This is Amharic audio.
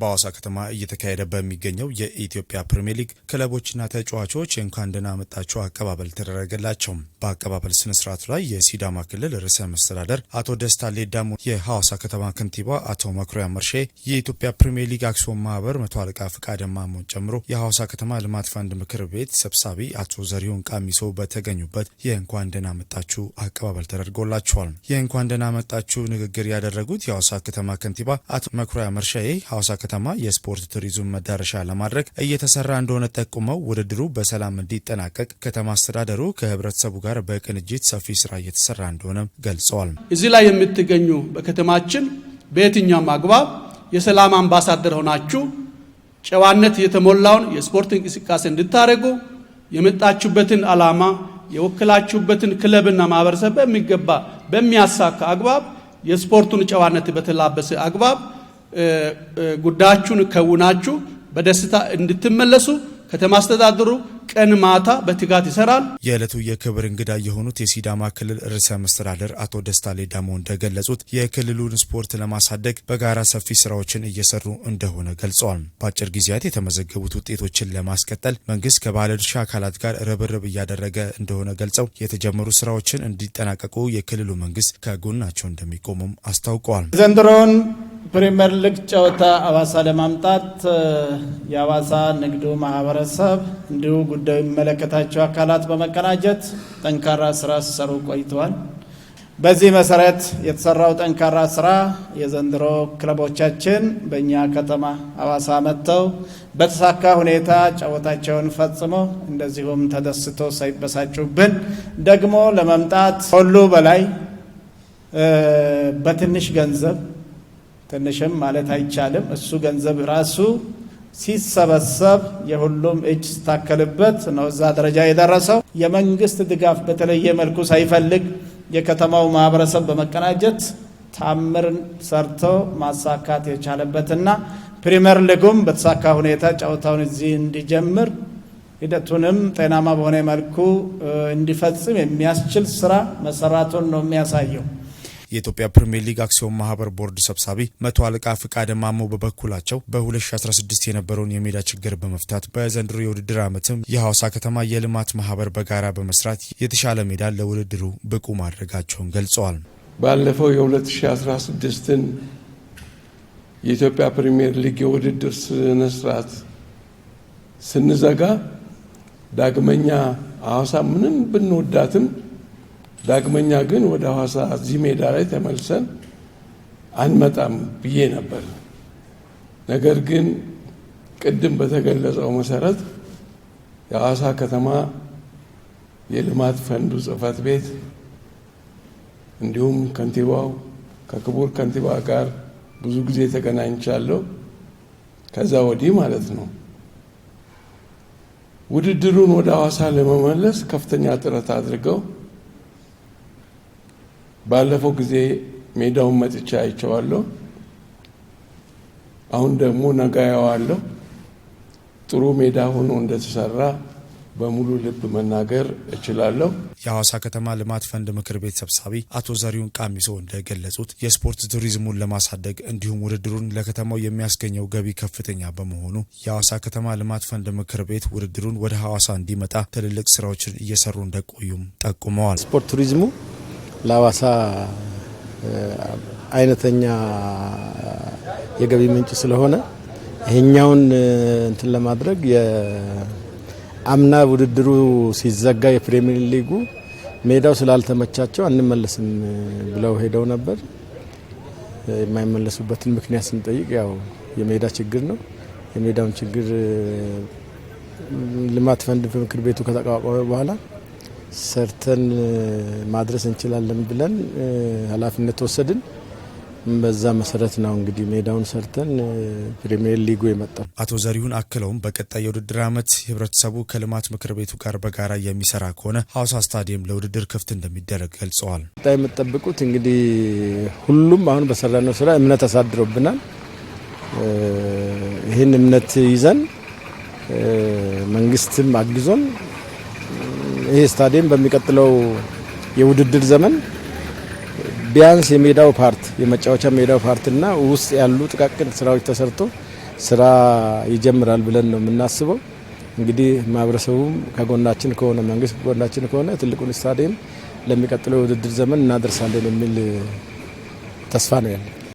በሐዋሳ ከተማ እየተካሄደ በሚገኘው የኢትዮጵያ ፕሪምየር ሊግ ክለቦችና ተጫዋቾች የእንኳን ደህና መጣችሁ አቀባበል ተደረገላቸው። በአቀባበል ስነስርዓቱ ላይ የሲዳማ ክልል ርዕሰ መስተዳደር አቶ ደስታ ሌዳሞ፣ የሐዋሳ ከተማ ከንቲባ አቶ መኩሪያ መርሼ፣ የኢትዮጵያ ፕሪምየር ሊግ አክሲዮን ማህበር መቶ አለቃ ፍቃደ ማሞን ጨምሮ የሐዋሳ ከተማ ልማት ፈንድ ምክር ቤት ሰብሳቢ አቶ ዘሪሁን ቃሚሶ በተገኙበት የእንኳን ደህና መጣችሁ አቀባበል ተደርጎላቸዋል። የእንኳን ደህና መጣችሁ ንግግር ያደረጉት የሐዋሳ ከተማ ከንቲባ አቶ መኩሪያ መርሻዬ ሐዋሳ ከተማ የስፖርት ቱሪዝም መዳረሻ ለማድረግ እየተሰራ እንደሆነ ጠቁመው ውድድሩ በሰላም እንዲጠናቀቅ ከተማ አስተዳደሩ ከህብረተሰቡ ጋር በቅንጅት ሰፊ ስራ እየተሰራ እንደሆነ ገልጸዋል። እዚህ ላይ የምትገኙ በከተማችን በየትኛውም አግባብ የሰላም አምባሳደር ሆናችሁ ጨዋነት የተሞላውን የስፖርት እንቅስቃሴ እንድታደርጉ የመጣችሁበትን ዓላማ የወክላችሁበትን ክለብና ማህበረሰብ በሚገባ በሚያሳካ አግባብ የስፖርቱን ጨዋነት በተላበሰ አግባብ ጉዳያችሁን ከውናችሁ በደስታ እንድትመለሱ ከተማ አስተዳደሩ ቀን ማታ በትጋት ይሰራል። የዕለቱ የክብር እንግዳ የሆኑት የሲዳማ ክልል ርዕሰ መስተዳደር አቶ ደስታ ሌዳሞ እንደገለጹት የክልሉን ስፖርት ለማሳደግ በጋራ ሰፊ ስራዎችን እየሰሩ እንደሆነ ገልጸዋል። በአጭር ጊዜያት የተመዘገቡት ውጤቶችን ለማስቀጠል መንግስት ከባለድርሻ አካላት ጋር ርብርብ እያደረገ እንደሆነ ገልጸው የተጀመሩ ስራዎችን እንዲጠናቀቁ የክልሉ መንግስት ከጎናቸው እንደሚቆሙም አስታውቀዋል። ዘንድሮውን ፕሪምየር ሊግ ጨዋታ አዋሳ ለማምጣት የአዋሳ ንግዱ ማህበረሰብ እንዲሁ ጉዳዩ የሚመለከታቸው አካላት በመቀናጀት ጠንካራ ስራ ሲሰሩ ቆይተዋል። በዚህ መሰረት የተሰራው ጠንካራ ስራ የዘንድሮ ክለቦቻችን በእኛ ከተማ አዋሳ መጥተው በተሳካ ሁኔታ ጨዋታቸውን ፈጽሞ እንደዚሁም ተደስቶ ሳይበሳጩብን ደግሞ ለመምጣት ሁሉ በላይ በትንሽ ገንዘብ ትንሽም ማለት አይቻልም። እሱ ገንዘብ ራሱ ሲሰበሰብ የሁሉም እጅ ስታከልበት ነው እዛ ደረጃ የደረሰው። የመንግስት ድጋፍ በተለየ መልኩ ሳይፈልግ የከተማው ማህበረሰብ በመቀናጀት ታምር ሰርቶ ማሳካት የቻለበትና ፕሪምየር ሊጉም በተሳካ ሁኔታ ጨዋታውን እዚህ እንዲጀምር ሂደቱንም ጤናማ በሆነ መልኩ እንዲፈጽም የሚያስችል ስራ መሰራቱን ነው የሚያሳየው። የኢትዮጵያ ፕሪምየር ሊግ አክሲዮን ማህበር ቦርድ ሰብሳቢ መቶ አለቃ ፍቃደ ማሞ በበኩላቸው በ2016 የነበረውን የሜዳ ችግር በመፍታት በዘንድሮ የውድድር ዓመትም የሐዋሳ ከተማ የልማት ማህበር በጋራ በመስራት የተሻለ ሜዳ ለውድድሩ ብቁ ማድረጋቸውን ገልጸዋል። ባለፈው የ2016ን የኢትዮጵያ ፕሪምየር ሊግ የውድድር ስነስርዓት ስንዘጋ ዳግመኛ ሐዋሳ ምንም ብንወዳትም ዳግመኛ ግን ወደ ሐዋሳ እዚህ ሜዳ ላይ ተመልሰን አንመጣም ብዬ ነበር። ነገር ግን ቅድም በተገለጸው መሰረት የሐዋሳ ከተማ የልማት ፈንዱ ጽህፈት ቤት እንዲሁም ከንቲባው ከክቡር ከንቲባ ጋር ብዙ ጊዜ ተገናኝቻለሁ። ከዛ ወዲህ ማለት ነው። ውድድሩን ወደ ሐዋሳ ለመመለስ ከፍተኛ ጥረት አድርገው ባለፈው ጊዜ ሜዳውን መጥቻ አይቸዋለሁ አሁን ደግሞ ነጋ ያዋለሁ። ጥሩ ሜዳ ሆኖ እንደተሰራ በሙሉ ልብ መናገር እችላለሁ። የሐዋሳ ከተማ ልማት ፈንድ ምክር ቤት ሰብሳቢ አቶ ዘሪሁን ቃሚሶ እንደገለጹት የስፖርት ቱሪዝሙን ለማሳደግ እንዲሁም ውድድሩን ለከተማው የሚያስገኘው ገቢ ከፍተኛ በመሆኑ የሐዋሳ ከተማ ልማት ፈንድ ምክር ቤት ውድድሩን ወደ ሐዋሳ እንዲመጣ ትልልቅ ስራዎችን እየሰሩ እንደቆዩም ጠቁመዋል። ስፖርት ቱሪዝሙ ለአዋሳ አይነተኛ የገቢ ምንጭ ስለሆነ ይሄኛውን እንትን ለማድረግ የአምና ውድድሩ ሲዘጋ የፕሪሚየር ሊጉ ሜዳው ስላልተመቻቸው አንመለስም ብለው ሄደው ነበር። የማይመለሱበትን ምክንያት ስንጠይቅ ያው የሜዳ ችግር ነው። የሜዳውን ችግር ልማት ፈንድ ምክር ቤቱ ከተቋቋመ በኋላ ሰርተን ማድረስ እንችላለን ብለን ኃላፊነት ወሰድን። በዛ መሰረት ነው እንግዲህ ሜዳውን ሰርተን ፕሪሚየር ሊጉ የመጣው። አቶ ዘሪሁን አክለውም በቀጣይ የውድድር ዓመት ህብረተሰቡ ከልማት ምክር ቤቱ ጋር በጋራ የሚሰራ ከሆነ ሀዋሳ ስታዲየም ለውድድር ክፍት እንደሚደረግ ገልጸዋል። ቀጣይ የምጠብቁት እንግዲህ ሁሉም አሁን በሰራነው ስራ እምነት አሳድሮብናል። ይህን እምነት ይዘን መንግስትም አግዞን ይሄ ስታዲየም በሚቀጥለው የውድድር ዘመን ቢያንስ የሜዳው ፓርት የመጫወቻ ሜዳው ፓርትና ውስጥ ያሉ ጥቃቅን ስራዎች ተሰርቶ ስራ ይጀምራል ብለን ነው የምናስበው። እንግዲህ ማህበረሰቡም ከጎናችን ከሆነ መንግስት ከጎናችን ከሆነ ትልቁን ስታዲየም ለሚቀጥለው የውድድር ዘመን እናደርሳለን የሚል ተስፋ ነው ያለን።